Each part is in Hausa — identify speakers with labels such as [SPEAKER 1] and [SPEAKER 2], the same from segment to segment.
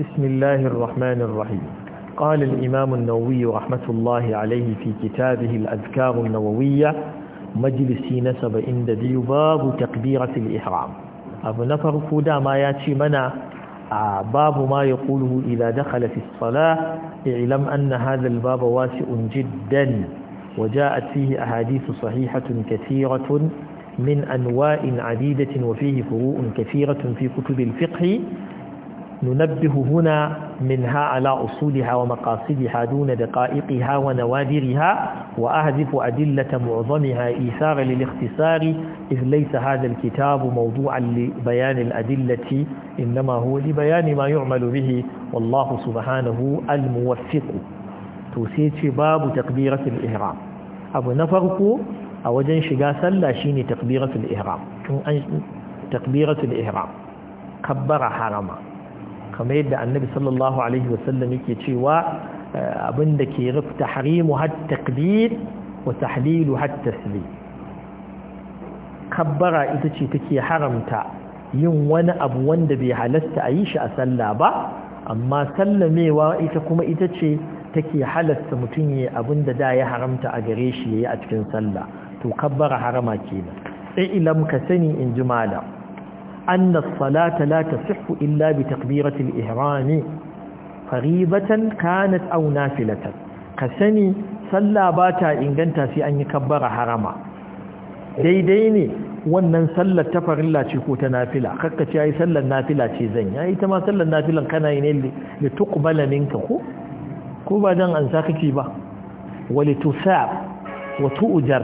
[SPEAKER 1] بسم الله الرحمن الرحيم قال الإمام النووي رحمة الله عليه في كتابه الأذكار النووية مجلس نسب عند ذي باب تكبيرة الإحرام أبو نفر فودا ما ياتي منا آه، باب ما يقوله إذا دخل في الصلاة اعلم أن هذا الباب واسع جدا وجاءت فيه أحاديث صحيحة كثيرة من أنواع عديدة وفيه فروء كثيرة في كتب الفقه ننبه هنا منها على أصولها ومقاصدها دون دقائقها ونوادرها وأهدف أدلة معظمها إيثارا للاختصار إذ ليس هذا الكتاب موضوعا لبيان الأدلة إنما هو لبيان ما يعمل به والله سبحانه الموفق توسيت باب تقبيرة الإهرام أبو نفرق أوجن شقاسا لا شيني تقبيرة الإهرام تقبيرة الإهرام كبر حرما kamar yadda annabi sallallahu alaihi wasallam yake cewa eh, abinda ke rufta tahrimu har takbir wa tahlilu har tasbih kabbara ita ce take haramta yin wani abu wanda bai halasta a yi shi a sallah ba amma sallamewa ita kuma ita ce take halasta mutum ya abin da da ya haramta a gare shi ya a cikin sallah to kabbara harama kenan sai ilam ka sani in ji malam anna salata la tasihhu illa bi takbirati al-ihram faribatan kanat aw Ka sani sallah bata inganta sai an yi kabbara harama daidai ne wannan sallar ta farilla ce ko ta nafila kakka ce yayi sallar nafila ce zan yi ita ma sallar nafilan kana yi ne li tuqbala minka ko ko ba zan ansa kake ba wali tusab wa tuujar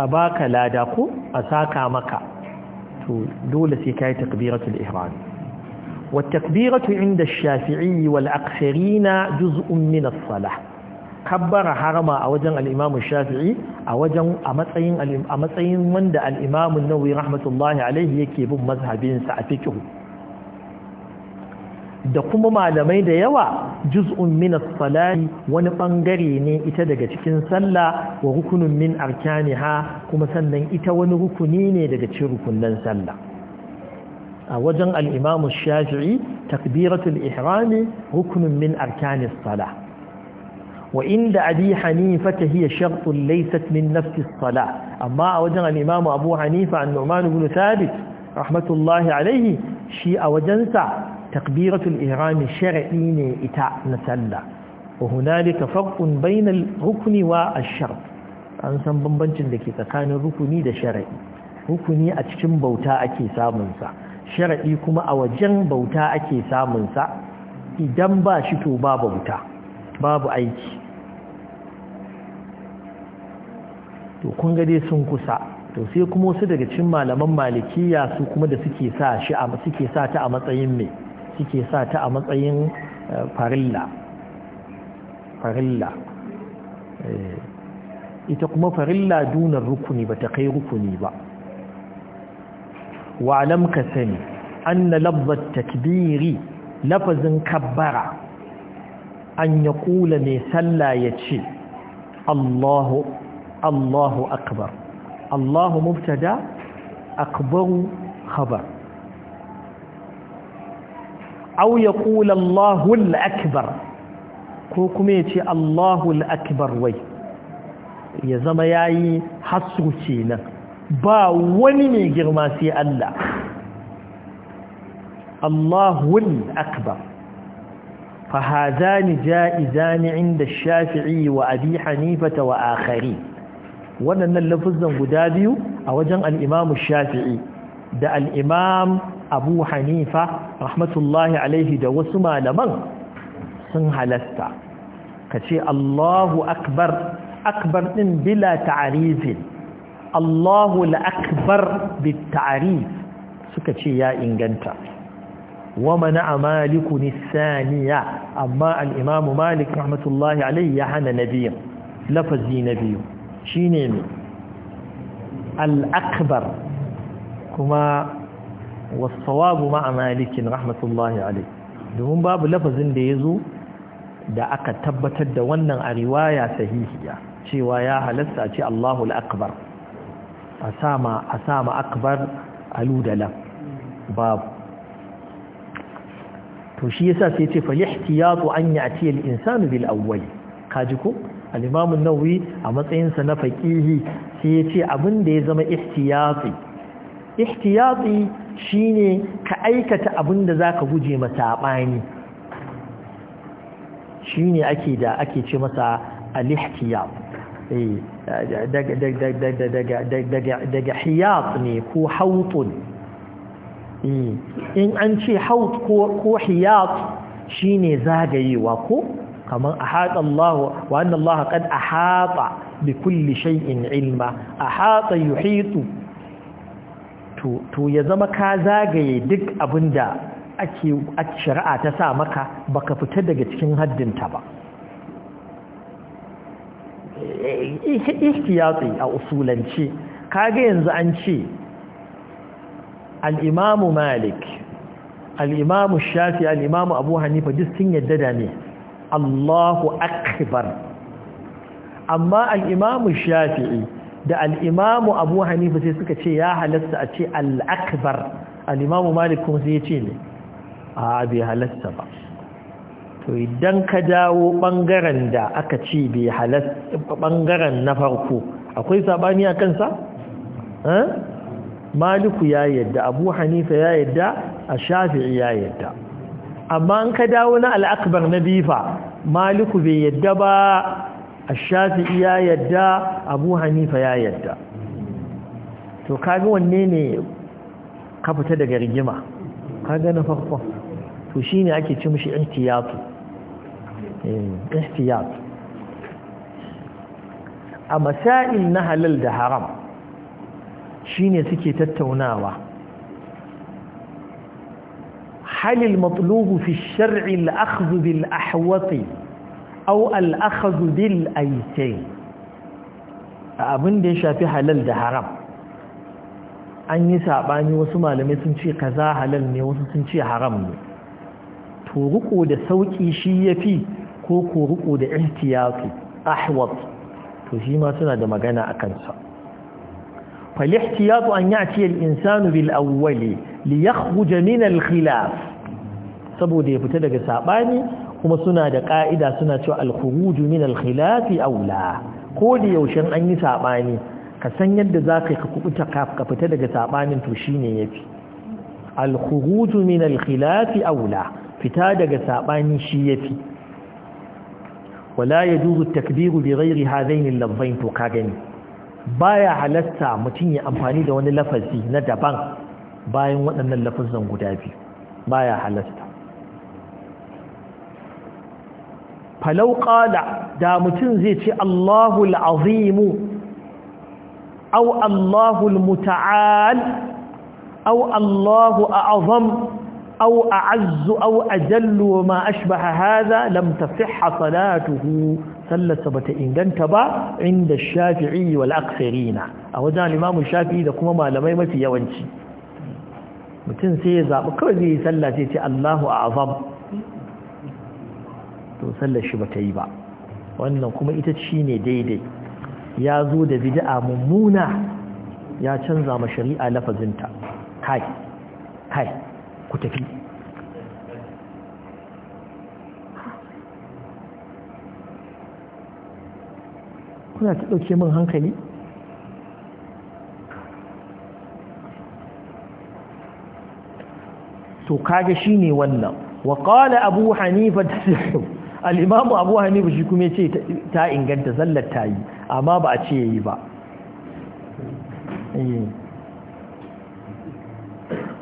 [SPEAKER 1] a baka lada ko a saka maka to dole sai kai takbiratul ihram wa takbiratu inda ash-shafi'i wal aktharina juz'un min as-salah kabbara harama a wajen al-imam shafii a matsayin wanda al'imamin imam an-nawawi rahmatullahi alayhi yake bin mazhabinsa a fiqh da kuma malamai da yawa juz'un min as-salati wani bangare ne ita daga cikin sallah wa rukunun min arkaniha kuma sannan ita wani rukuni ne daga cikin rukunnan sallah a wajen al-Imam Shafi'i takbiratul ihram rukunun min arkanis salah wa inda Abi Hanifa ta hiya shartun laysat min nafsi as-salah amma a wajen al-Imam Abu Hanifa an-Nu'man ibn Thabit rahmatullahi alayhi shi a wajensa takbiratul ihrami shar'i ne ita na sallah wa hunalika farqun bainal rukni wa ash-shart an san bambancin da ke tsakanin rukuni da shar'i rukuni a cikin bauta ake samun sa shar'i kuma a wajen bauta ake samun sa idan ba shi to ba bauta babu aiki to kun ga dai sun kusa to sai kuma wasu daga cikin malaman malikiya su kuma da suke sa shi a suke sa ta a matsayin mai suke sa ta a matsayin eh, farilla farilla eh, ita kuma farilla dunar rukuni ba ta kai rukuni ba wa'alam ka sani an na labar takbiri lafazin kabbara an ya kula mai sallah ya ce allahu allahu akbar allahu mubtada akbaru khabar aw ya kula Allahu al-akbar ko kuma yace Allahu al wai ya zama yayi hasuci nan ba wani mai girma sai Allah Allahu al-akbar fahadani jaizani inda Shafi'i wa Abi Hanifa wa akhari wannan lafzin guda biyu a wajen al-Imam Shafi'i da al’imam abu hanifa rahmatullahi alaihi da wasu malaman sun halasta ka ce allahu akbar akbar ɗin bila ta'arifin allahu la'akbar bit ta'arif suka ce ya inganta wa mana a maliku nisaniya amma al’imamu malik rahmatullahi alaihi ya hana na biyu lafazi na biyu shi ne al-akbar kuma wasu a malikin rahmatullahi alai domin babu lafazin da ya zo da aka tabbatar da wannan a riwaya sahihiya cewa ya halasta a ce allahu Akbar a sama akbar ludala babu to shi yasa sai ce fa ihtiyatu an ya'ti al-insanu bil awwal kaji ku al-imam an-nawawi a matsayin sa na faqihi sai ya ce abin da ya zama ihtiyati ihtiyati shine ka aikata abin da zaka guje bani shine ake da ake ce masa al-ihtiyat eh daga daga ne ko hautun eh, in an ce haut ko hiyat shine zagayewa ko kamar ahata Allah wa anna Allah qad ahata bi kulli shay'in ilma ahata yuhitu to ya zama ka zagaye duk abinda da ake shari'a ta sa maka baka fita daga cikin haddinta ba ihtiyatsi a usulance kaga yanzu an ce al'imamu malik al'imamu shafi al'imamu abu hanifa duk sun yadda da ne allahu akbar amma al'imamu shafi'i da al'imamu abu hanifa sai suka ce ya halatta a ce al'akbar al'imamu malik kuma sai ya ce ne a bai halatta ba to idan ka dawo ɓangaren da aka ce bai halatta ɓangaren na farko akwai saɓani a kansa? Eh? maliku ya yadda abu hanifa ya yadda a shafi'i ya yadda amma an ka dawo na al'akbar na bifa maliku bai yadda ba shafi'i ya yadda abu hanifa ya yadda to kaga wanne ne ka fita daga rigima kaga na farko to shine ake ci mishi ihtiyatu eh, ihtiyat a masail na halal da haram shine suke tattaunawa halil matlubu fi shar'i al-akhdh bil ahwati au al'akhazu bil aitai abin da ya shafi halal da haram an yi saɓani wasu malamai sun ce kaza halal ne wasu sun ce haram ne to riko da sauƙi shi ya fi ko ko riko da ihtiyatu ahwat to shi ma suna da magana a kansa فالاحتياط أن bil الإنسان بالأول ليخرج من khilaf, saboda ya fita daga saɓani. kuma suna da ƙa'ida suna cewa alkhuruju min alkhilafi aula ko da yaushe an yi saɓani, ka san yadda zaka ka kubuta ka fita daga sabanin to shine yafi alkhuruju min alkhilafi aula fita daga sabani shi yafi wala yajuzu takbiru bi ghairi hadaini al to ka gani baya halatta mutum ya amfani da wani lafazi na daban bayan waɗannan lafazan guda biyu baya halatta falau qala da mutum zai ce Allahu al-azim aw Allahu al-muta'al aw Allahu a'zam aw a'azzu aw ajallu wa ma ashbaha hadha lam tasihha salatuhu sallarsa bata inganta ba inda shafi'i wal aktharina a wajen al-imam shafi'i da kuma malamai mafi yawanci mutum sai ya zaɓi kawai zai yi sallah sai ce Allahu a'zam to sallar shi ba ta yi ba wannan kuma ita shi ne daidai ya zo da bid'a mummuna ya canza ma shari'a lafazinta kai kai ku tafi kuna ta ɗauke min hankali to shi shine wannan wa qala abu hanifa da al'imamu abu hannu shi kuma ce ta inganta sallar ta yi amma ba a ce yi ba eh.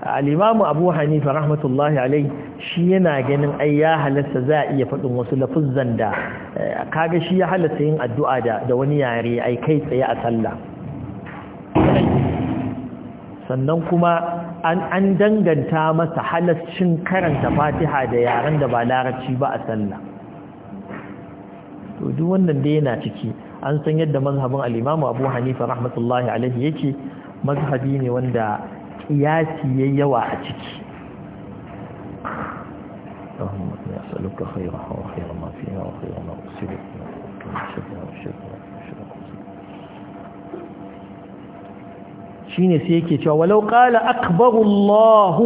[SPEAKER 1] al'imamu abu fa rahmatullahi alai shi yana ganin ai ya halatta za a iya faɗin wasu lafuzan da eh, kaga shi ya halatta yin addu'a da wani yare ai kai tsaye a sallah sannan kuma an danganta masa halascin karanta fatiha da yaren da ba larabci ba a sallah duk wannan da yana ciki an san yadda mazhabin al-Imam Abu Hanifa rahmatullahi alaihi yake mazhabi ne wanda ya yayi yawa a ciki Allahumma inni khayra wa khayra ma fiha wa khayra ma shine sai yake cewa walau qala akbaru Allah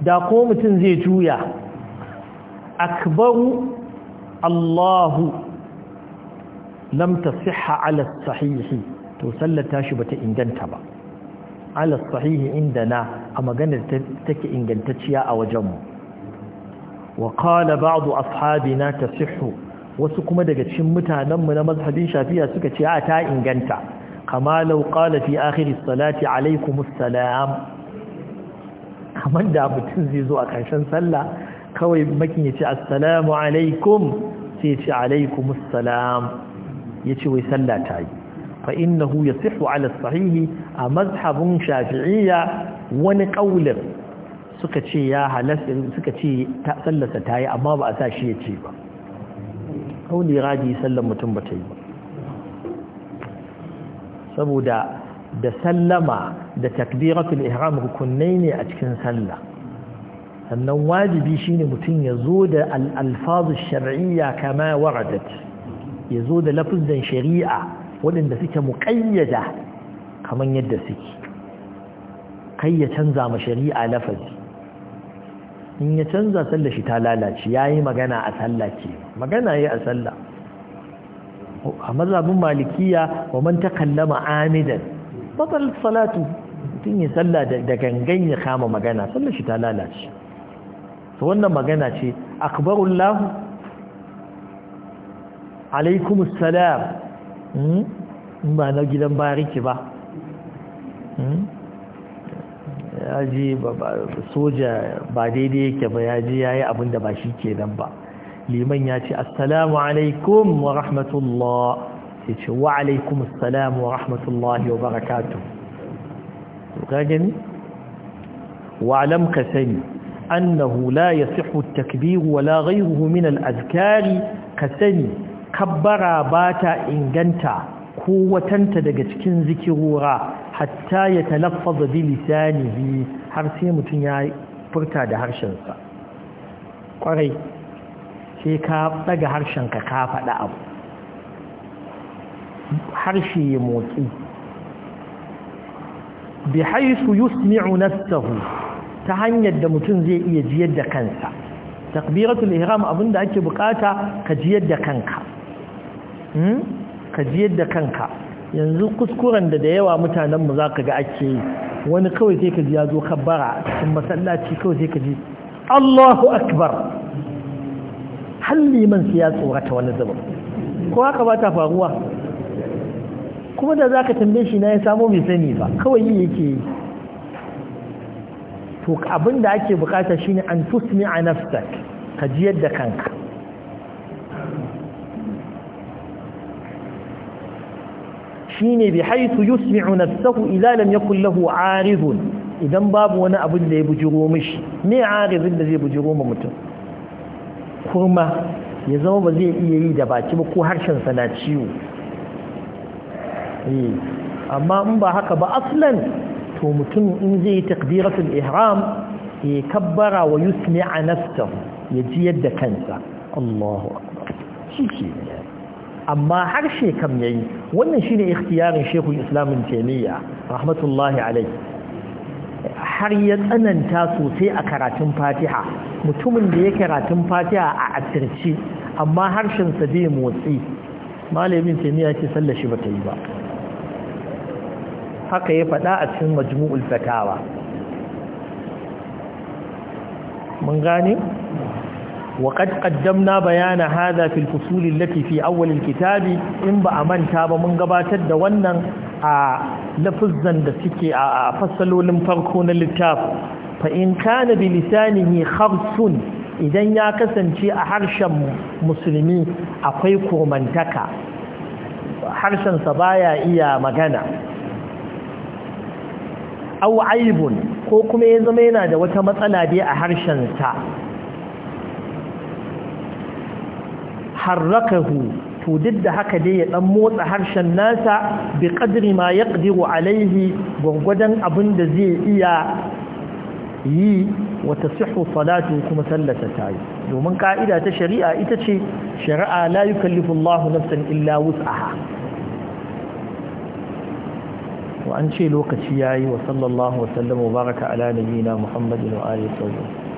[SPEAKER 1] da ko mutum zai juya akbaru Allahu lam tasihha ala sahihi to sallata shi bata inganta ba ala inda na a maganar take ingantacciya a wajenmu wa qala ba'd na tasihhu wasu kuma daga cikin mutanenmu na mazhabin shafiya suka ce a ta inganta kama lau qala fi akhir salati alaikumus salam kamar da mutum zai zo a ƙarshen sallah kawai makin ya ce assalamu alaikum sai ce alaikum assalam ya ce wai sallah ta yi fa innahu yasihu ala sahihi a mazhabin shafi'iyya wani kaulin suka ce ya halasta suka ce sallasa ta yi amma ba a sa shi ya ce ba kauli radi sallar mutum ba ta yi ba saboda da sallama da takbiratul ihram rukunnai ne a cikin sallah sannan wajibi shine mutum ya zo da al'alfazu shari'a kama waradat ya zo da lafizan shari'a waɗanda suke muƙayyada kamar yadda suke kai ya canza ma shari'a lafazi in ya canza sallar shi ta lalace ya yi magana a sallah ke magana ya a sallah a mazabin malikiya wa man ta kallama amidan batal salatu mutum ya sallah da gangan ya kama magana sallar shi ta lalace to wannan magana ce akbarullahu alaikumussalam salam hmm? ba na gidan bariki ba hmm? ya ji soja ba daidai yake ba ya ji ya yi abinda ba shi ke nan ba liman ya ce assalamu alaikum wa rahmatullah sai ce wa alaikum assalamu wa rahmatullah wa barakatuh ga gani wa alamka sani أنه لا يصح التكبير ولا غيره من الأذكار كسني كبر باتا إنجنتا قوة تدقت كنزكرورا حتى يتلفظ بلسانه حرسي متنيا فرتا ده هرشنسا قري sai ka daga harshenka ka faɗa abu harshe ya motsi bi haisu yusmi'u nafsahu ta hanyar da mutum zai iya jiyar da kansa takbiratul ihram da ake bukata ka jiyar da kanka hmm? ka jiyar da kanka yanzu kuskuren da da yawa mutanen mu zaka ga ake yi wani kawai sai ka zo kabbara cikin masallaci kawai sai ka ji Allahu akbar halli man sai ya tsorata wani zaman ko haka ba ta faruwa kuma da zaka tambaye shi na ya samo mai sani ba kawai yake yi to abin da ake bukata shine an tusmi a nafsak ka ji yadda kanka shine bi haitu yusmi'u nafsahu idza lam yakul lahu idan babu wani abin da ya bujiro mishi me arizun da zai bujiro ma mutum kurma ya zama ba zai iya yi da baki ba ko harshen na ciwo eh, amma in ba haka ba aslan to mutum in zai yi takbiratul ihram ya kabbara wa yusmi a nafsa ya ji yadda kansa Allahu akbar shi ke amma harshe kam yayi wannan shine ikhtiyarin Sheikhul Islam Taymiyyah rahmatullahi alayhi har ya tsananta sosai a karatun Fatiha mutumin da ya karatun Fatiha a asirce amma harshen sa motsi malamin Taymiyyah ke sallashi shi bata yi ba haka ya faɗa a cikin majmu'ul fatawa mun gane وقد قدمنا بيان هذا في الفصول التي في أول الكتاب إن بأمان تاب من قباتد دوانا لفظا دسكي فصلوا لمفركون للتاف فإن كان بلسانه خرص إذا يكسن شيء حرشا مسلمي أقيق من تكا حرشا سبايا إيا مغانا au aibun ko kuma ya zama yana da wata matsala dai a harshensa harrakahu to duk da haka dai ya dan motsa harshen nasa bi qadri ma yaqdiru alaihi gwangwadan abin da zai iya yi wa sihu salatu kuma sallata yi domin ka'ida ta shari'a ita ce shari'a la yukallifu Allahu nafsan illa wus'aha to an ce lokaci ya yi wa sallallahu wa sallam wa baraka ala nabiyina muhammadin wa alihi wa